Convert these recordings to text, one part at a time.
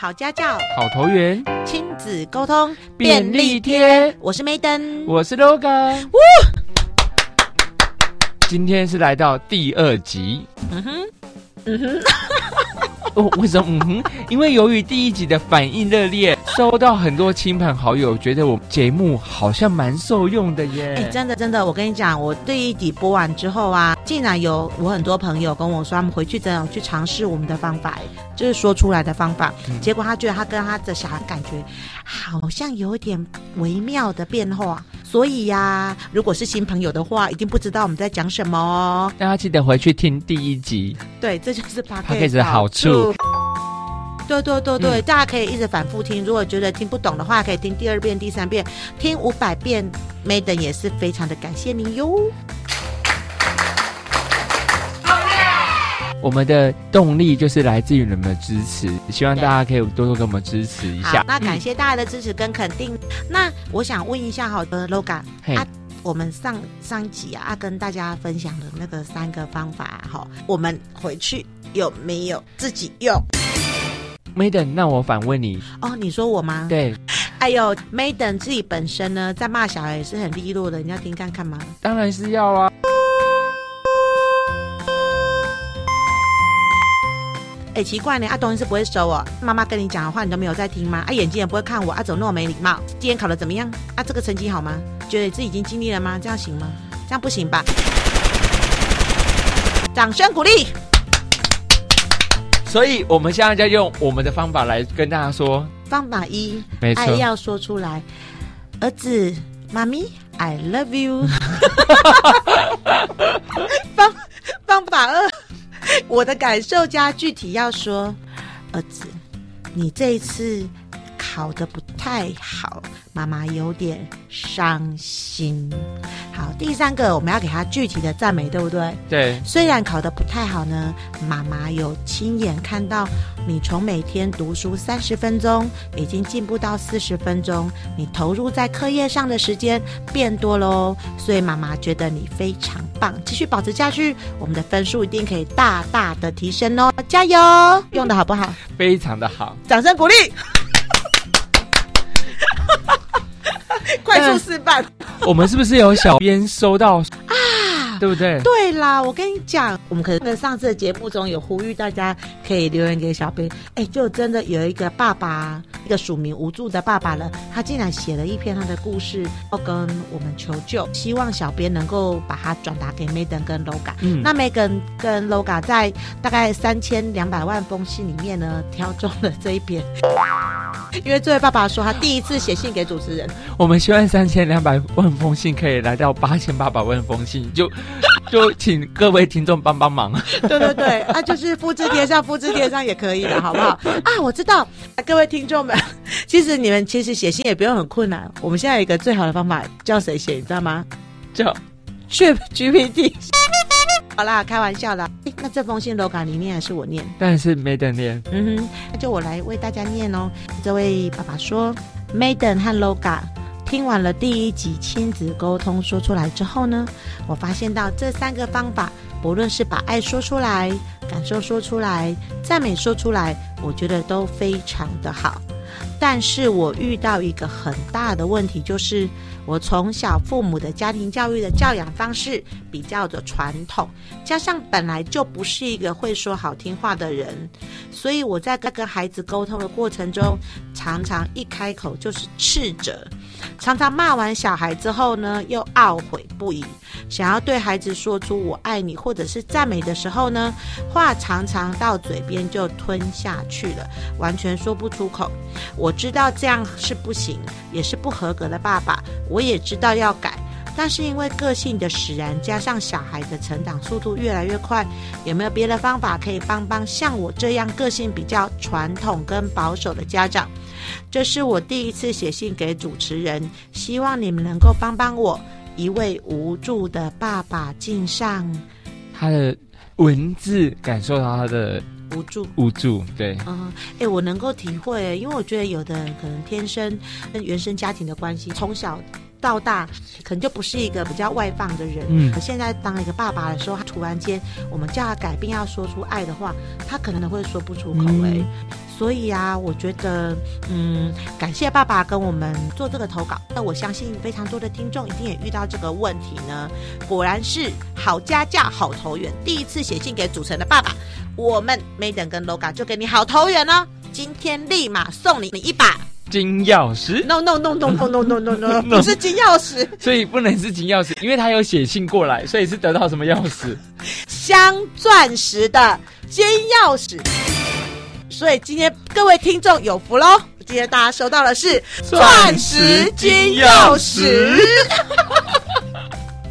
好家教，好投緣，親子溝通便利貼。我是 Madam，我是 Loga。嗚，今天是來到第二集。嗯哼，嗯哼。 哦、為什麼？嗯哼，因為由於第一集的反應熱烈，收到很多親朋好友覺得我節目好像蠻受用的耶。欸、真的真的，我跟你講，我第一集播完之後啊，竟然有我很多朋友跟我說，他們回去真的去嘗試我們的方法，就是說出來的方法、嗯。結果他覺得他跟他的小孩感覺好像有點微妙的變化。所以呀、啊，如果是新朋友的話，一定不知道我們在講什麼哦。大家記得回去聽第一集。對，這就是 Podcast 的好處。對對對對、嗯，大家可以一直反覆聽。如果覺得聽不懂的話，可以聽第二遍、第三遍，聽五百遍 Madam 也是非常的感謝你喲。Okay. 我們的動力就是來自於你們的支持，希望大家可以多多給我們支持一下。那感謝大家的支持跟肯定。嗯、那我想問一下好，好的，Loga。我們上上集啊，啊，跟大家分享的那個三個方法，好，我們回去有沒有自己用？Madam，那我反問你哦，你說我嗎？對，還、哎、有 Madam 自己本身呢，在罵小孩也是很利落的，你要聽看看嗎？當然是要啊。欸，很奇怪呢，啊，東西是不會收喔。媽媽跟你講的話，你都沒有在聽嗎？啊，眼睛也不會看我，啊，怎麼那麼沒禮貌。今天考的怎麼樣？啊，這個成績好嗎？覺得自己已經盡力了嗎？這樣行嗎？這樣不行吧？掌聲鼓勵。所以我們現在就用我們的方法來跟大家說。方法一，沒錯，愛要說出來，兒子，媽咪，I love you 方。方法二。 我的感受加具體要說，兒子，你這一次考得不太好。媽媽有點傷心。好，第三個我們要給他具體的讚美，對不對？對。雖然考得不太好呢，媽媽有親眼看到你從每天讀書三十分鐘，已經進步到四十分鐘，你投入在課業上的時間變多嘍。所以媽媽覺得你非常棒，繼續保持下去，我們的分數一定可以大大的提升哦！加油！用的好不好？非常的好，掌聲鼓勵。 快速示範、呃， 我們是不是有小編收到？對不對？對啦，我跟你講，我們可能在上次的節目中有呼籲大家可以留言給小編。哎、欸，就真的有一個爸爸，一個署名無助的爸爸呢，他竟然寫了一篇他的故事，要跟我們求救，希望小編能夠把他轉達給 Madam 跟 Loga。嗯，那 Madam 跟 Loga 在大概三千兩百萬封信裡面呢，挑中了這一篇，因為這位爸爸說他第一次寫信給主持人。我們希望三千兩百萬封信可以來到八千八百萬封信，就。 就請各位聽眾幫幫忙 。對對對，那、啊、就是複製貼上，複製貼上也可以的，好不好？啊，我知道，啊、各位聽眾們，其實你們其實寫信也不用很困難。我們現在有一個最好的方法叫誰寫？你知道嗎？叫 c h i p GPT。 好啦，開玩笑了、欸。那這封信，Loga 你念還是我念，但是 Madam 念。嗯哼，那就我來為大家念哦。這位爸爸說，Madam 和 Loga。聽完了第一集親子溝通說出來之後呢，我發現到這三個方法，不論是把愛說出來、感受說出來、讚美說出來，我覺得都非常的好。但是我遇到一個很大的問題，就是……我從小父母的家庭教育的教養方式比較的傳統，加上本來就不是一個會說好聽話的人，所以我在跟孩子溝通的過程中，常常一開口就是斥責，常常罵完小孩之後呢，又懊悔不已，想要對孩子說出我愛你或者是讚美的時候呢，話常常到嘴邊就吞下去了，完全說不出口。我知道這樣是不行，也是不合格的爸爸。我。我也知道要改，但是因為個性的使然，加上小孩的成長速度越來越快，有沒有別的方法可以幫幫像我這樣個性比較傳統跟保守的家長？這是我第一次寫信給主持人，希望你們能夠幫幫我，一位無助的爸爸敬上。他的文字感受到他的無助，無助，對，啊、嗯，哎，我能夠體會，因為我覺得有的人可能天生跟、呃、原生家庭的關係從小。到大可能就不是一個比較外放的人，嗯，而現在當一個爸爸的時候，他突然間我們叫他改變，要說出愛的話，他可能會說不出口哎、欸嗯，所以啊，我覺得，嗯，感謝爸爸跟我們做這個投稿，那我相信非常多的聽眾一定也遇到這個問題呢，果然是好家教好投緣，第一次寫信給主持人的爸爸，我們 Madam 跟 Loga 就給你好投緣哦，今天立馬送你你一把。金鑰匙？No No No No No No No No, no 不是金鑰匙。No. 所以不能是金鑰匙，因為他有寫信過來，所以是得到什麼鑰匙？鑲鑽石的金鑰匙。所以今天各位聽眾有福嘍！今天大家收到的是鑽石金鑰匙。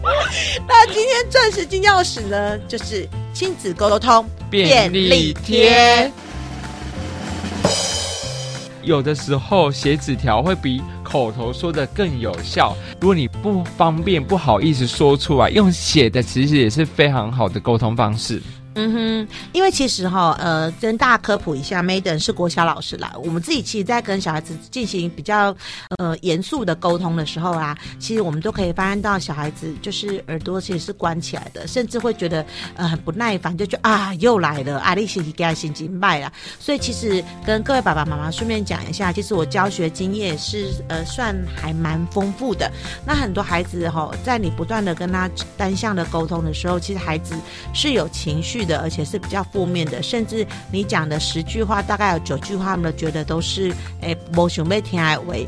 那今天鑽石金鑰匙呢？就是親子溝通便利貼。有的時候寫紙條會比口頭說的更有效。如果你不方便、不好意思說出來，用寫的其實也是非常好的溝通方式。嗯哼，因為其實哈、哦，呃，跟大家科普一下，Madam 是國小老師啦。我們自己其實，在跟小孩子進行比較呃嚴肅的溝通的時候啊，其實我們都可以發現到小孩子就是耳朵其實是關起來的，甚至會覺得呃很不耐煩，就覺得啊又來了，阿麗心情給阿心情賣了。所以其實跟各位爸爸媽媽順便講一下，其實我教學經驗是呃算還蠻豐富的。那很多孩子哈、哦，在你不斷的跟他單向的溝通的時候，其實孩子是有情緒的。的，而且是比較負面的，甚至你講的十句話，大概有九句話，他們都覺得都是，哎、欸，不想被聽愛為。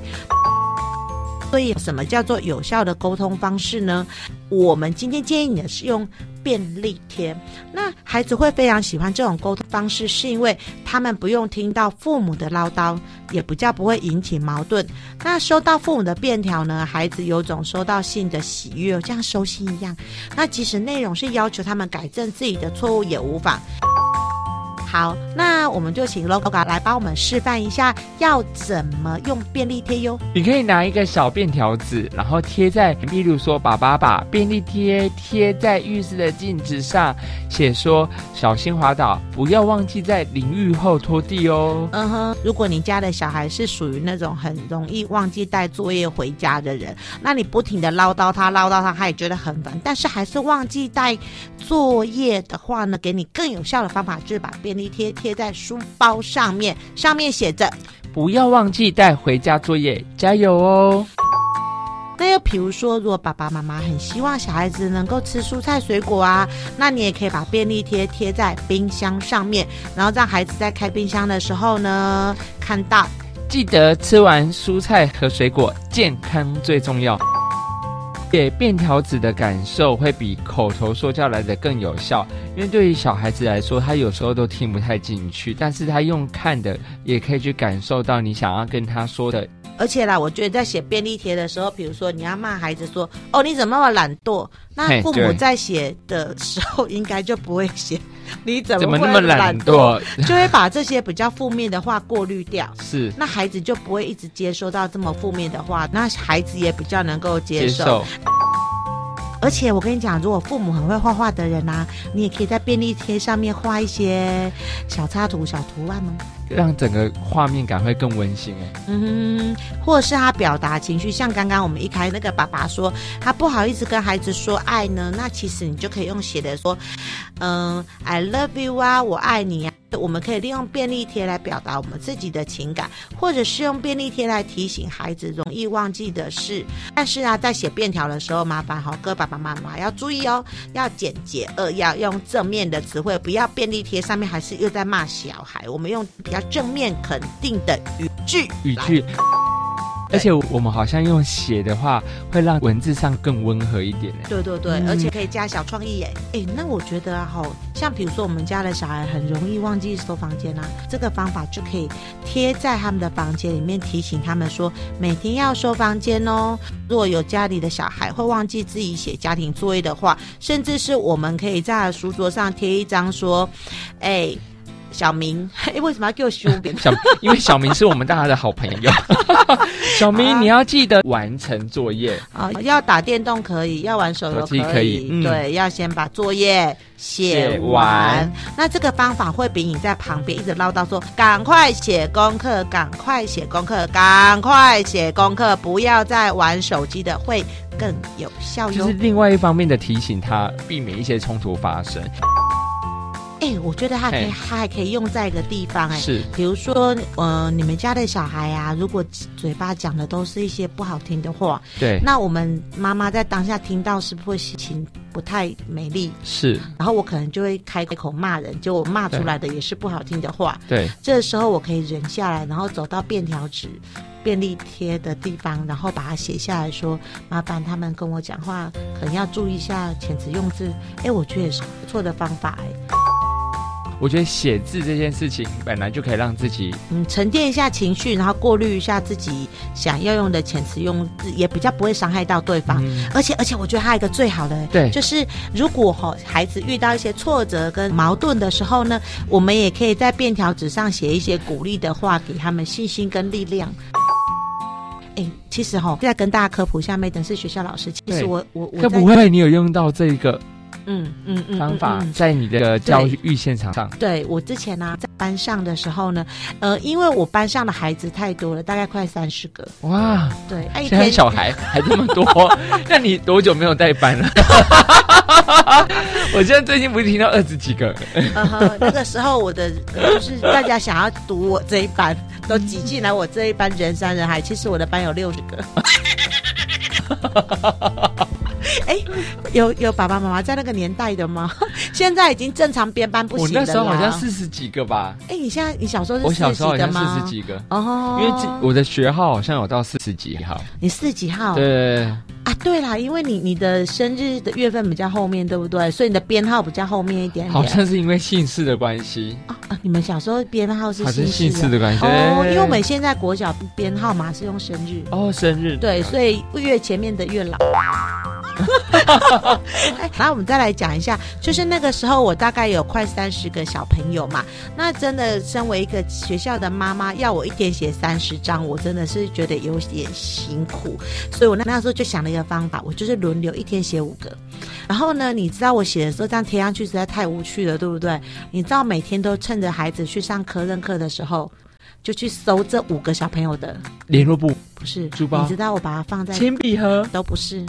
所以，什麼叫做有效的溝通方式呢？我們今天建議你的是用便利貼。那孩子會非常喜歡這種溝通方式，是因為他們不用聽到父母的嘮叨，也比較不會引起矛盾。那收到父母的便條呢，孩子有種收到信的喜悅，像收信一樣。那即使內容是要求他們改正自己的錯誤，也無妨。好，那我們就請 logo 哥來幫我們示範一下要怎麼用便利貼喲。你可以拿一個小便條子，然後貼在把把把，例如說，爸爸把便利貼貼在浴室的鏡子上，寫說小心滑倒，不要忘記在淋浴後拖地哦。嗯哼，如果你家的小孩是屬於那種很容易忘記帶作業回家的人，那你不停的嘮叨他，嘮叨他，他也覺得很煩，但是還是忘記帶作業的話呢，給你更有效的方法是把便。便利貼貼在書包上面，上面寫着“不要忘記帶回家作業，加油哦”。那又比如說，如果爸爸媽媽很希望小孩子能夠吃蔬菜水果啊，那你也可以把便利貼貼在冰箱上面，然後讓孩子在開冰箱的時候呢，看到，記得吃完蔬菜和水果，健康最重要。給、欸、便條紙的感受會比口頭說教來得更有效，因為對於小孩子來說，他有時候都聽不太進去，但是他用看的也可以去感受到你想要跟他說的。而且啦，我覺得在寫便利貼的時候，比如說你要罵孩子說：“哦，你怎麼那麼懶惰？”那父母在寫的時候，應該就不會寫 你怎麼，會怎麼那麼懶惰， 就會把這些比較負面的話過濾掉。 是，那孩子就不會一直接收到這麼負面的話，那孩子也比較能夠接受。接受。而且我跟你講，如果父母很會畫畫的人吶、啊，你也可以在便利貼上面畫一些小插圖、小圖案啊，讓整個畫面感會更溫馨哦。嗯哼，或者是他表達情緒，像剛剛我們一開那個爸爸說他不好意思跟孩子說愛呢，那其實你就可以用寫的說，嗯，I love you 啊，我愛你啊。我們可以利用便利貼來表達我們自己的情感，或者是用便利貼來提醒孩子容易忘記的事。但是啊，在寫便條的時候，麻煩齁各位爸爸媽媽要注意哦，要簡潔，二要用正面的詞彙，不要便利貼上面還是又在罵小孩。我們用比較正面肯定的語句語句。而且我們好像用寫的話，會讓文字上更溫和一點、欸。對對對，嗯、而且可以加小創意耶、欸。哎、欸，那我覺得好、啊、像，比如說我們家的小孩很容易忘記收房間啊，這個方法就可以貼在他們的房間裡面，提醒他們說每天要收房間哦、喔。如果有家裡的小孩會忘記自己寫家庭作業的話，甚至是我們可以在書桌上貼一張說，哎、欸。小明，哎、欸，為什麼要叫我 小明？小，因為小明是我們大家的好朋友。 小明、啊，你要記得完成作業啊！要打電動可以，要玩手機可以，機可以、嗯，對，要先把作業寫完，完。那這個方法會比你在旁邊一直嘮叨說“趕快寫功課，趕快寫功課，趕快寫功課”，不要再玩手機的，會更有效用。就是另外一方面的提醒他，他避免一些衝突發生。哎、欸，我覺得他還可以，hey. 他還可以用在一個地方哎、欸，是，比如說，嗯、呃，你們家的小孩啊，如果嘴巴講的都是一些不好聽的話，對，那我們媽媽在當下聽到是不是心情不太美麗？是，然後我可能就會開口罵人，就我罵出來的也是不好聽的話，對，這個、時候我可以忍下來，然後走到便條紙、便利貼的地方，然後把它寫下來說，麻煩他們跟我講話，可能要注意一下遣詞用字。哎、欸，我覺得也是不錯的方法哎、欸。我覺得寫字這件事情本來就可以讓自己嗯沉澱一下情緒，然後過濾一下自己想要用的遣詞用字，也比較不會傷害到對方。而、嗯、且而且，而且我覺得還有一個最好的，對，就是如果吼、哦、孩子遇到一些挫折跟矛盾的時候呢，我們也可以在便條紙上寫一些鼓勵的話，給他們信心跟力量。哎、 欸，其實哈、哦，現在跟大家科普一下，Madam 是學校老師。其實我我我，會不會你有用到這一個？嗯嗯嗯，方法在你的教育現場上。對，對我之前呢，啊，在班上的時候呢，呃，因為我班上的孩子太多了，大概快三十個。哇，對，現在小孩還這麼多， 那你多久沒有帶班了？ 我現在最近不是聽到二十幾個， uh -huh, 那個時候我的就是大家想要讀我這一班，都擠進來我這一班，人山人海。其實我的班有六十個。 哎，有有爸爸媽媽在那個年代的嗎？ 現在已經正常編班不行了。我那時候好像四十幾個吧。哎，你現在你小，我小時候是四十幾個嗎？四十幾個哦，因為我的學號好像有到四十幾號。你四十幾號？對啊，對啦，因為你你的生日的月份比較後面，對不對？所以你的編號比較後面一點，點。好像是因為姓氏的關係、哦、啊。你們小時候編號是姓氏的，好姓氏的關係哦、哎，因為我們現在國小編號嘛是用生日哦，生日對，所以越前面的越老。哈 哈，我們再來講一下，就是那個時候，我大概有快三十個小朋友嘛。那真的，身為一個學校的媽媽，要我一天寫三十張，我真的是覺得有點辛苦。所以我那那時候就想了一個方法，我就是輪流一天寫五個。然後呢，你知道我寫的時候這樣貼上去實在太無趣了，對不對？你知道，每天都趁着孩子去上科任課的時候，就去搜這五個小朋友的聯絡簿，不是？書包？你知道我把它放在鉛筆盒，都不是。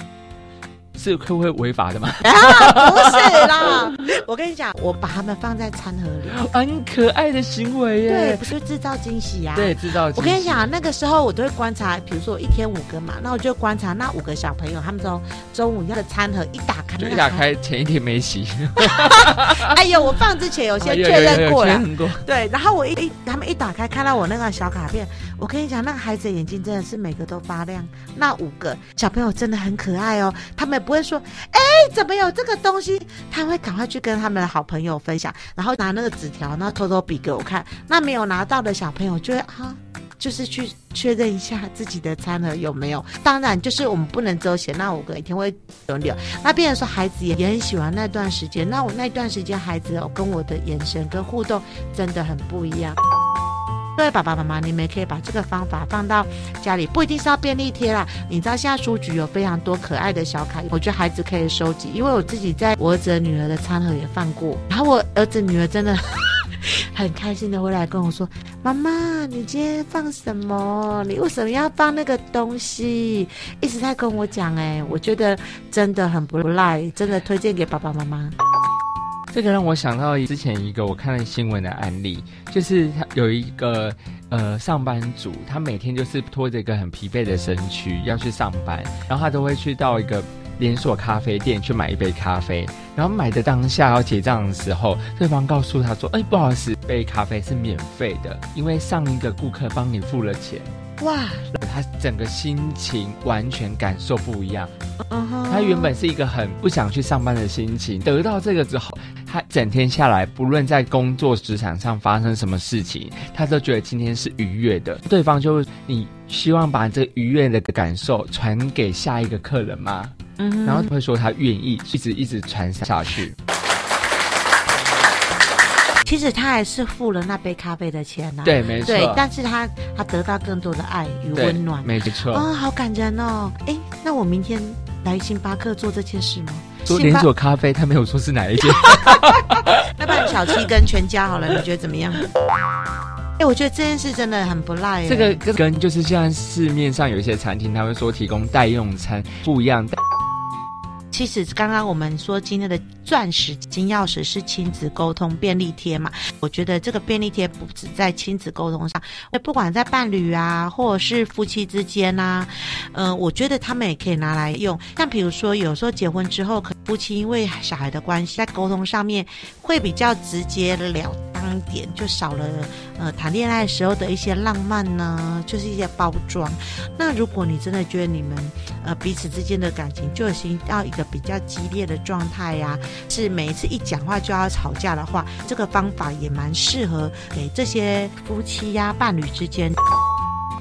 是會不會違法的嗎？啊，不是啦。 我跟你講，我把他們放在餐盒裡，很可愛的行為耶。對，不就製造驚喜呀、啊。對，製造驚喜。我跟你講，那個時候我都會觀察，比如說我一天五個嘛，那我就觀察那五個小朋友，他們說中，中午要的餐盒一打開，就一打開，打開前一天沒洗。 哎呦，我放之前先、啊、有先確認過了。對，然後我一一他們一打開，看到我那個小卡片，我跟你講，那個孩子的眼睛真的是每個都發亮。那五個小朋友真的很可愛哦，他們也不會說，哎、欸，怎麼有這個東西？他會趕快去跟。他們的好朋友分享，然後拿那個紙條，那偷偷比給我看。那沒有拿到的小朋友，就會啊，就是去確認一下自己的餐盒有沒有。當然，就是我們不能遮掩，那我隔一天會輪流，流。那變成說孩子也也很喜歡那段時間。那我那段時間，孩子，喔，跟我的眼神跟互動真的很不一樣。各位爸爸媽媽，你們可以把這個方法放到家裡，不一定是要便利貼啦。你知道現在書局有非常多可愛的小卡，我覺得孩子可以收集，因為我自己在我兒子女兒的餐盒也放過，然後我兒子女兒真的 很開心的回來跟我說：“媽媽，你今天放什麼？你為什麼要放那個東西？”一直在跟我講，哎，我覺得真的很不賴，真的推薦給爸爸媽媽。這個讓我想到之前一個我看了新聞的案例，就是他有一個呃上班族，他每天就是拖着一個很疲憊的身軀要去上班，然後他都會去到一個連鎖咖啡店去買一杯咖啡，然後買的當下要結賬的時候，對方告訴他說：“哎、欸，不好意思，杯咖啡是免費的，因為上一個顧客幫你付了錢。”哇，他整個心情完全感受不一樣。嗯哼，他原本是一個很不想去上班的心情，得到這個之後，他整天下來，不論在工作職場上發生什麼事情，他都覺得今天是愉悅的。對方就，你希望把這個愉悅的感受傳給下一個客人嗎？嗯、嗯哼，然後會說他願意，一直一直傳下去。其實他還是付了那杯咖啡的錢吶、啊，對，沒錯。但是他他得到更多的愛與溫暖，沒錯。哦好感人哦！哎，那我明天來星巴克做這件事嗎？做連鎖咖啡，他沒有說是哪一間。 那不然小七跟全家好了，你覺得怎麼樣？哎， 我覺得這件事真的很不賴耶。這個跟就是像市面上有一些餐廳，他們說提供代用餐不一樣。其實剛剛我們說今天的鑽石金鑰匙是親子溝通便利貼嘛，我覺得這個便利貼不只在親子溝通上，不管在伴侶啊，或者是夫妻之間吶，嗯，我覺得他們也可以拿來用。像比如說，有時候結婚之後，可夫妻因為小孩的關係，在溝通上面會比較直接了。點就少了，呃，談戀愛的時候的一些浪漫呢，就是一些包裝。那如果你真的覺得你們，呃，彼此之間的感情就已經到一個比較激烈的狀態呀，是每一次一講話就要吵架的話，這個方法也蠻適合給這些夫妻呀、啊、伴侶之間。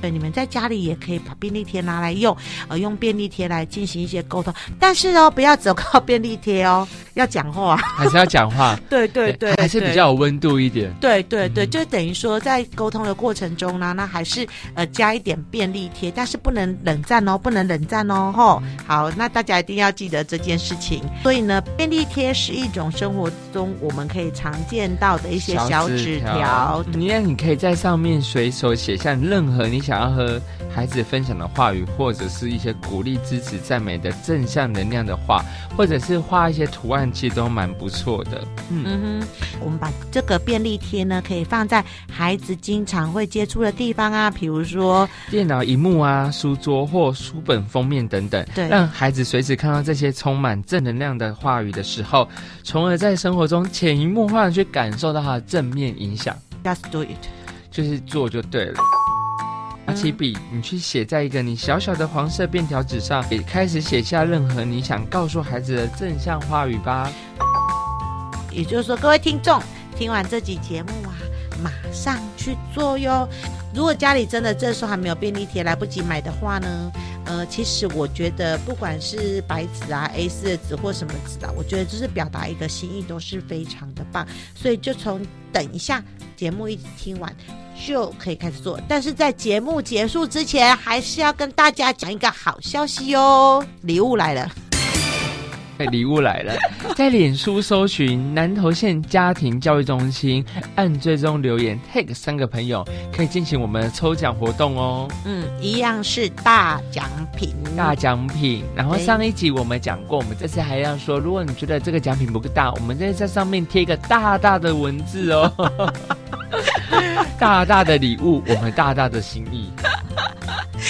對，你們在家裡也可以把便利貼拿來用，呃，用便利貼來進行一些溝通。但是哦，不要只靠便利貼哦，要講話、啊，還是要講話？ 對，對，對對對，還是比較有溫度一點。對對對，對、嗯，就等於說在溝通的過程中呢，那還是呃加一點便利貼，但是不能冷戰哦，不能冷戰哦。吼、嗯哦，好，那大家一定要記得這件事情、嗯。所以呢，便利貼是一種生活中我們可以常見到的一些小紙條。你看，你也可以在上面隨手寫下任何你想，想要和孩子分享的話語，或者是一些鼓勵、支持、讚美的正向能量的話，或者是畫一些圖案，其實都蠻不錯的，嗯。嗯哼，我們把這個便利貼呢，可以放在孩子經常會接觸的地方啊，比如說電腦熒幕啊、書桌或書本封面等等，對，讓孩子隨時看到這些充滿正能量的話語的時候，從而在生活中潛移默化的去感受到它的正面影響。Just do it，就是做就對了。起筆，你去寫在一個你小小的黃色便條紙上，也開始寫下任何你想告訴孩子的正向話語吧。也就是說，各位聽眾，聽完這集節目啊，馬上去做喲。如果家裡真的這時候還沒有便利貼，來不及買的話呢？呃，其實我覺得，不管是白紙啊、A4 的紙或什麼紙啊，我覺得就是表達一個心意都是非常的棒，所以就從等一下節目一直聽完就可以開始做。但是在節目結束之前，還是要跟大家講一個好消息喲、哦，禮物來了。禮 物來了，在臉書搜尋南投縣家庭教育中心，按追蹤留言 tag 三個朋友，可以進行我們的抽獎活動哦。嗯，一樣是大獎品，大獎品。然後上一集我們講過，我們這次還要說，如果你覺得這個獎品不夠大，我們再在上面貼一個大大的文字哦，大大的禮物，我們大大的心意。哎、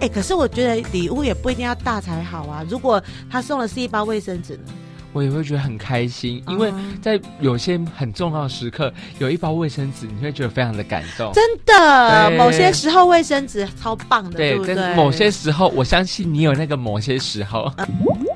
欸，可是我覺得禮物也不一定要大才好啊。如果他送的是一包衛生紙呢，我也會覺得很開心。因為在有些很重要的時刻，嗯、有一包衛生紙，你會覺得非常的感動。真的，某些時候衛生紙超棒的，對，對不對？對某些時候，我相信你有那個某些時候。嗯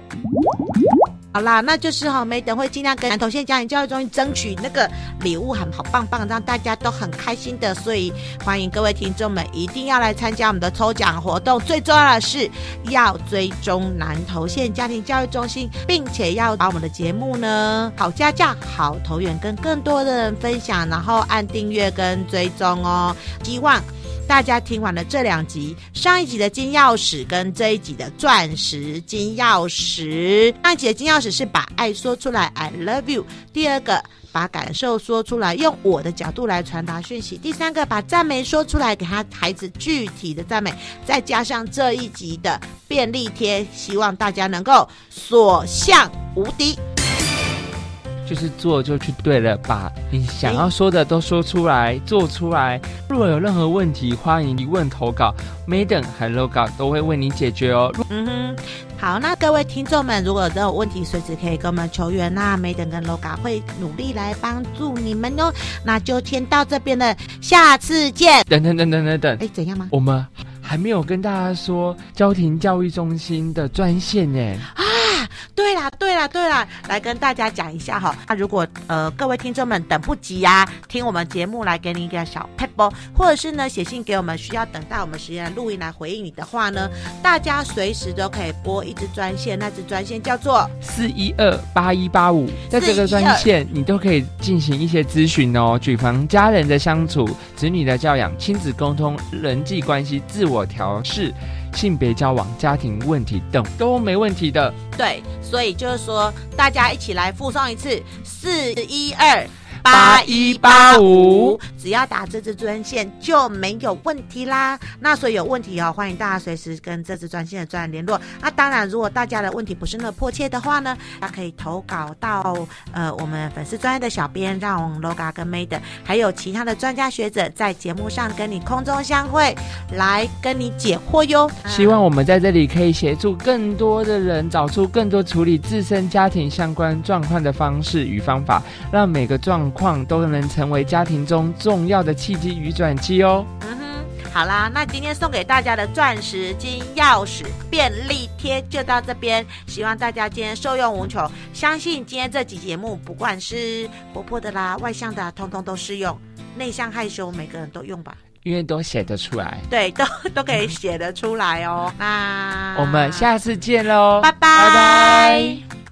好啦，那就是好，哦，沒等會盡量跟南投縣家庭教育中心爭取那個禮物，很好棒棒，讓大家都很開心的。所以歡迎各位聽眾們一定要來參加我們的抽獎活動，最重要的是要追蹤南投縣家庭教育中心，並且要把我們的節目呢好家教，好投緣，跟更多的人分享，然後按訂閱跟追蹤哦。希望。大家聽完了這兩集，上一集的金鑰匙跟這一集的鑽石金鑰匙。上一集的金鑰匙是把愛說出來，I love you。第二個，把感受說出來，用我的角度來傳達訊息。第三個，把讚美說出來，給他孩子具體的讚美，再加上這一集的便利貼，希望大家能夠所向無敵。就是做就去對了，把你想要說的都說出來，欸、做出來。如果有任何問題，歡迎一問投稿，Madam 和 Loga 都會為你解決哦。嗯哼，好，那各位聽眾們，如果都有任何問題，隨時可以跟我們求援，那 Madam 跟 Loga 會努力來幫助你們哦。那就先到這邊了，下次見。等等等等等等，哎、欸，怎樣嗎？我們還沒有跟大家說家庭教育中心的專線呢。啊、對啦對啦，來跟大家講一下哈。那、啊、如果呃各位聽眾們等不及呀、啊，聽我們節目來給你一個小撇步，或者是呢寫信給我們，需要等待我們時間錄音來回應你的話呢，大家隨時都可以撥一支專線，那支專線叫做四一二八一八五，在這個專線你都可以進行一些諮詢哦，舉凡家人的相處、子女的教養、親子溝通、人際關係、自我調適。性別交往、家庭問題等都沒問題的。對，所以就是說，大家一起來附送一次四一二。4, 1, 八一八五，只要打這支專線就沒有問題啦。那所以有問題哦，歡迎大家隨時跟這支專線的專人聯絡。那當然，如果大家的問題不是那麼迫切的話呢，大家可以投稿到呃我們粉絲專業的小編，讓 Loga 跟 Madam 還有其他的專家學者在節目上跟你空中相會，來跟你解惑喲。希望我們在這裡可以協助更多的人找出更多處理自身家庭相關狀況的方式與方法，讓每個狀。況都能成為家庭中重要的契機與轉機哦。嗯哼，好啦，那今天送給大家的鑽石金鑰匙便利貼就到這邊，希望大家今天受用無窮。相信今天這集節目不管是活潑的啦、外向的，通通都適用；內向害羞，每個人都用吧，因為都寫得出來。對，都都可以寫得出來哦。那我們下次見嘍，拜拜。拜拜。